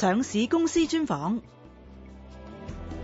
上市公司專訪。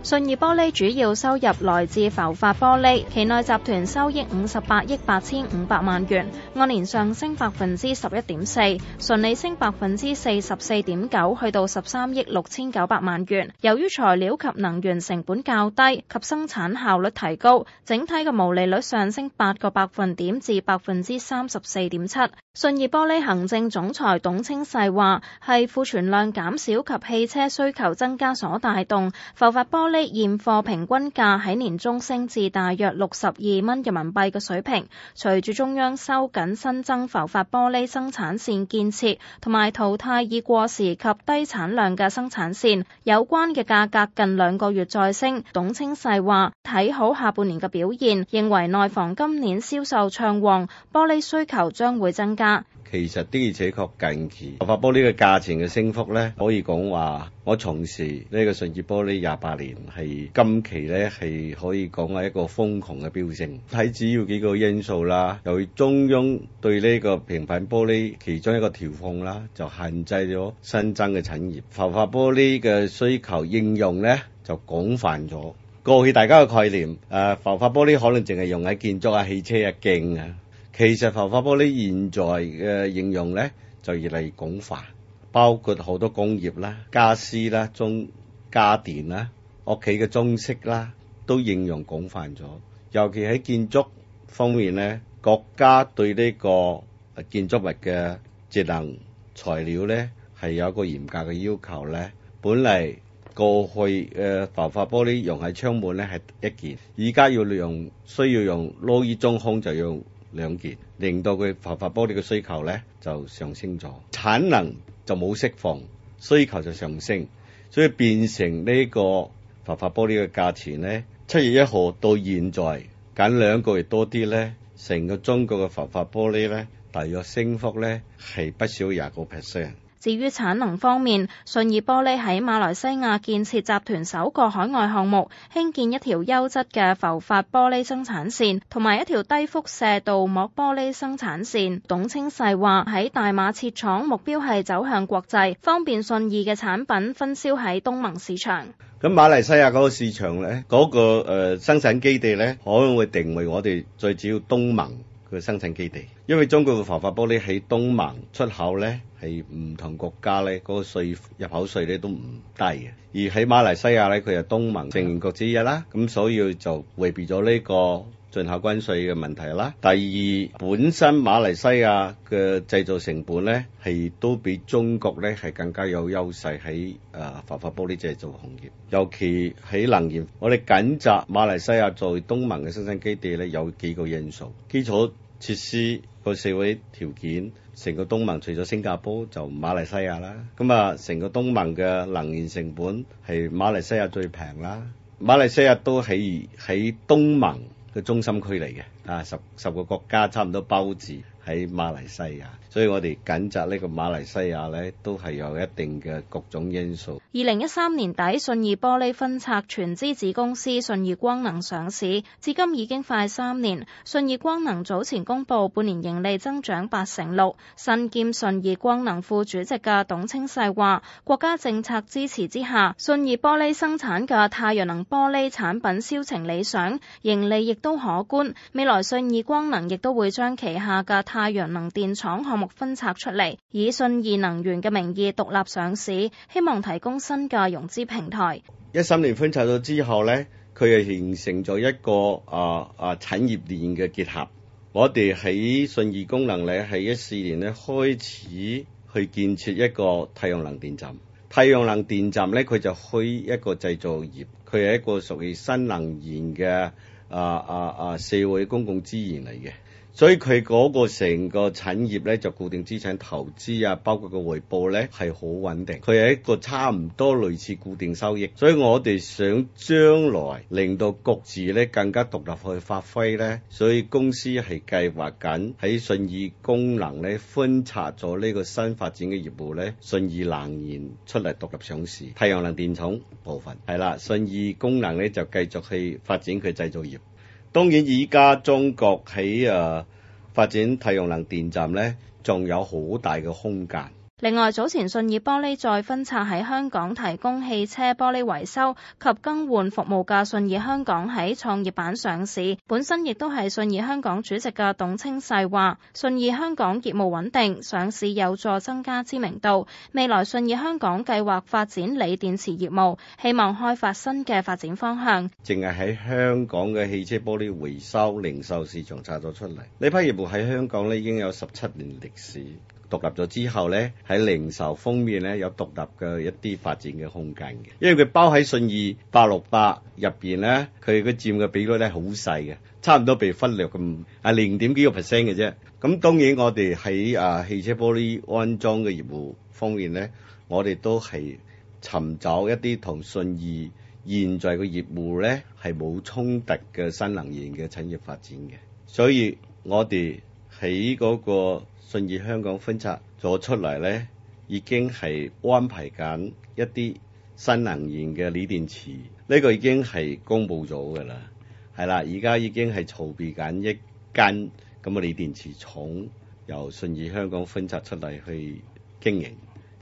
信義玻璃主要收入來自浮法玻璃，期內集團收益五十八億八千五百萬元，按年上升百分之十一點四，純利升百分之四十四點九，去到十三億六千九百萬元。由於材料及能源成本較低及生產效率提高，整體嘅毛利率上升八個百分點至百分之三十四點七。信義玻璃行政總裁董清世話：係庫存量減少及汽車需求增加所帶動，浮法玻璃，現貨平均價喺年中升至大約六十二蚊人民幣嘅水平，隨住中央收緊新增浮法玻璃生產線建設，同埋淘汰已過時及低產量嘅生產線，有關嘅價格近兩個月再升。董清世話睇好下半年嘅表現，認為內房今年銷售暢旺，玻璃需求將會增加。其實的而且確，近期浮法玻璃嘅價錢嘅升幅咧，可以講話我從事呢個純接玻璃廿八年，係今期咧係可以講係一個瘋狂嘅飆升。睇，主要幾個因素啦，由於中央對呢個平板玻璃其中一個調控啦，就限制咗新增嘅產業。浮法玻璃嘅需求應用咧就廣泛咗。過去大家嘅概念誒，浮法玻璃可能淨係用喺建築啊、汽車啊鏡啊。其實，浮法玻璃現在嘅應用咧，就越嚟越廣泛，包括好多工業啦、家私啦、中家電啦、屋企嘅裝飾啦，都應用廣泛咗。尤其喺建築方面咧，國家對呢個建築物嘅節能材料咧係有一個嚴格嘅要求咧。本嚟過去嘅浮法玻璃用喺窗門咧係一件，而家要利用需要用 low e 中空就用。兩件，令到佢浮法玻璃嘅需求咧就上升咗，產能就冇釋放，需求就上升，所以變成呢個浮法玻璃嘅價錢咧，七月一號到現在僅兩個月多啲咧，成個中國嘅浮法玻璃咧大約升幅咧係不少廿個 percent。至於產能方面，信義玻璃喺馬來西亞建設集團首個海外項目，興建一條優質嘅浮法玻璃生產線，同埋一條低輻射鍍膜玻璃生產線。董清世話喺大馬設廠，目標係走向國際，方便信義嘅產品分銷喺東盟市場。咁馬來西亞嗰個市場咧，嗰、那個誒生產基地咧，可能會定位我哋最主要東盟。佢嘅生產基地，因為中國嘅浮法玻璃喺東盟出口咧，係唔同國家咧，嗰、那個稅入口稅咧都唔低嘅，而喺馬來西亞咧，佢係東盟成員國之一啦，咁所以就回避咗呢、這個。進口關稅嘅問題啦。第二，本身馬來西亞嘅製造成本咧，係都比中國咧係更加有優勢喺誒、啊、浮法玻璃製造行業。尤其喺能源，我哋緊集馬來西亞在東盟嘅生產基地咧有幾個因素：基礎設施、個社會條件、成個東盟除咗新加坡就馬來西亞啦。咁啊，成個東盟嘅能源成本係馬來西亞最平啦。馬來西亞都喺喺東盟。中心區嚟嘅，啊，十十個國家差唔多包住喺馬來西亞。所以我哋揀擇呢個馬來西亞呢，都係有一定嘅各種因素。二零一三年底，信義玻璃分拆全資子公司信義光能上市，至今已經快三年。信義光能早前公布半年盈利增長八成六。身兼信義光能副主席嘅董清世話：國家政策支持之下，信義玻璃生產嘅太陽能玻璃產品銷情理想，盈利亦都可觀。未來信義光能亦都會將旗下嘅太陽能電廠項目分拆出嚟，以信義能源嘅名義獨立上市，希望提供新嘅融資平台。一三年分拆咗之後咧，佢係形成咗一個啊啊產業鏈嘅結合。我哋喺信義光能咧，喺一四年咧開始去建設一個太陽能電站。太陽能電站咧，佢就開一個製造業，佢係一個屬於新能源嘅啊啊啊社會公共資源嚟嘅。所以佢嗰個成個產業咧，就固定資產投資啊，包括個回報咧，係好穩定。佢係一個差唔多類似固定收益。所以我哋想將來令到各自咧更加獨立去發揮咧，所以公司係計劃緊喺信義功能咧分拆咗呢個新發展嘅業務咧，信義能源出嚟獨立上市，太陽能電廠部分係啦，信義功能咧就繼續去發展佢製造業。當然，而家中國喺啊發展太陽能電站咧，仲有好大嘅空間。另外，早前信義玻璃再分拆喺香港提供汽車玻璃維修及更換服務嘅信義香港喺創業板上市，本身亦都係信義香港主席嘅董清世話，信義香港業務穩定，上市有助增加知名度。未來信義香港計劃發展鋰電池業務，希望開發新嘅發展方向。淨係喺香港嘅汽車玻璃回收零售市場拆咗出嚟，呢批業務喺香港呢已經有十七年歷史。獨立咗之後呢，喺零售方面呢，有獨立嘅一啲發展嘅空間嘅，因為佢包喺信義八六八入邊呢，佢個佔嘅比率呢，好細嘅，差唔多被忽略咁啊零點幾個 percent 嘅啫。咁當然我哋喺啊汽車玻璃安裝嘅業務方面呢，我哋都係尋找一啲同信義現在嘅業務呢，係冇衝突嘅新能源嘅產業發展嘅，所以我哋。喺嗰個信義香港分拆咗出嚟呢，已經係安排緊一啲新能源嘅鋰電池，呢個已經係公布咗㗎喇。係啦，而家已經係籌備緊一間咁嘅鋰電池廠，由信義香港分拆出嚟，這個，去經營。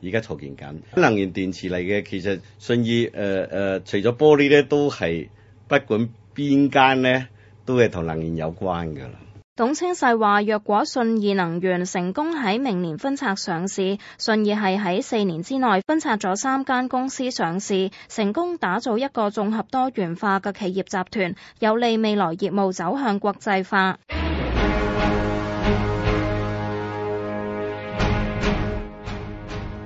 而家籌建緊新能源電池嚟嘅，其實信義誒誒、呃呃，除咗玻璃呢，都係不管邊間呢，都係同能源有關㗎喇。董清世話：若果信義能源成功喺明年分拆上市，信義系喺四年之內分拆咗三間公司上市，成功打造一個綜合多元化嘅企業集團，有利未來業務走向國際化。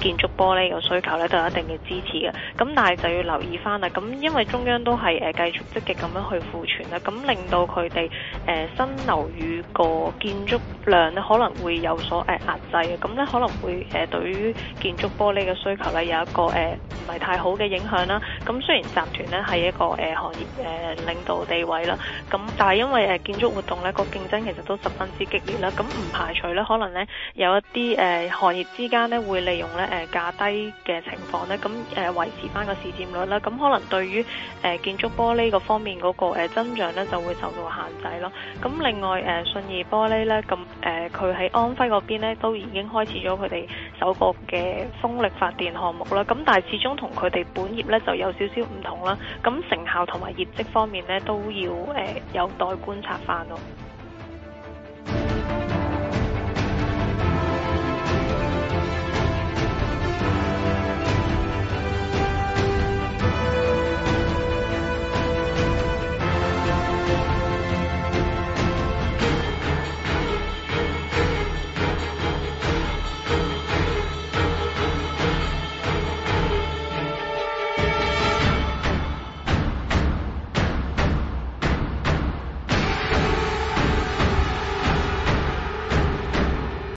建築玻璃嘅需求咧都有一定嘅支持嘅，咁但係就要留意翻啦，咁因為中央都係誒繼續積極咁樣去庫存啦，咁令到佢哋誒新樓宇個建築量咧可能會有所誒壓、呃、制，咁咧可能會誒、呃、對於建築玻璃嘅需求咧有一個誒唔係太好嘅影響啦。咁雖然集團咧係一個誒、呃、行業誒、呃、領導地位啦，咁但係因為誒、呃、建築活動咧個競爭其實都十分之激烈啦，咁唔排除咧可能咧有一啲誒、呃、行業之間咧會令。用咧誒價低嘅情況咧，咁誒維持翻個市佔率啦。咁可能對於誒、呃、建築玻璃個方面嗰、嗰個、呃、增長咧就會受到限制咯。咁另外誒、呃、信義玻璃咧，咁誒佢喺安徽嗰邊咧都已經開始咗佢哋首個嘅風力發電項目啦。咁但係始終同佢哋本業咧就有少少唔同啦。咁成效同埋業績方面咧都要誒、呃、有待觀察翻咯。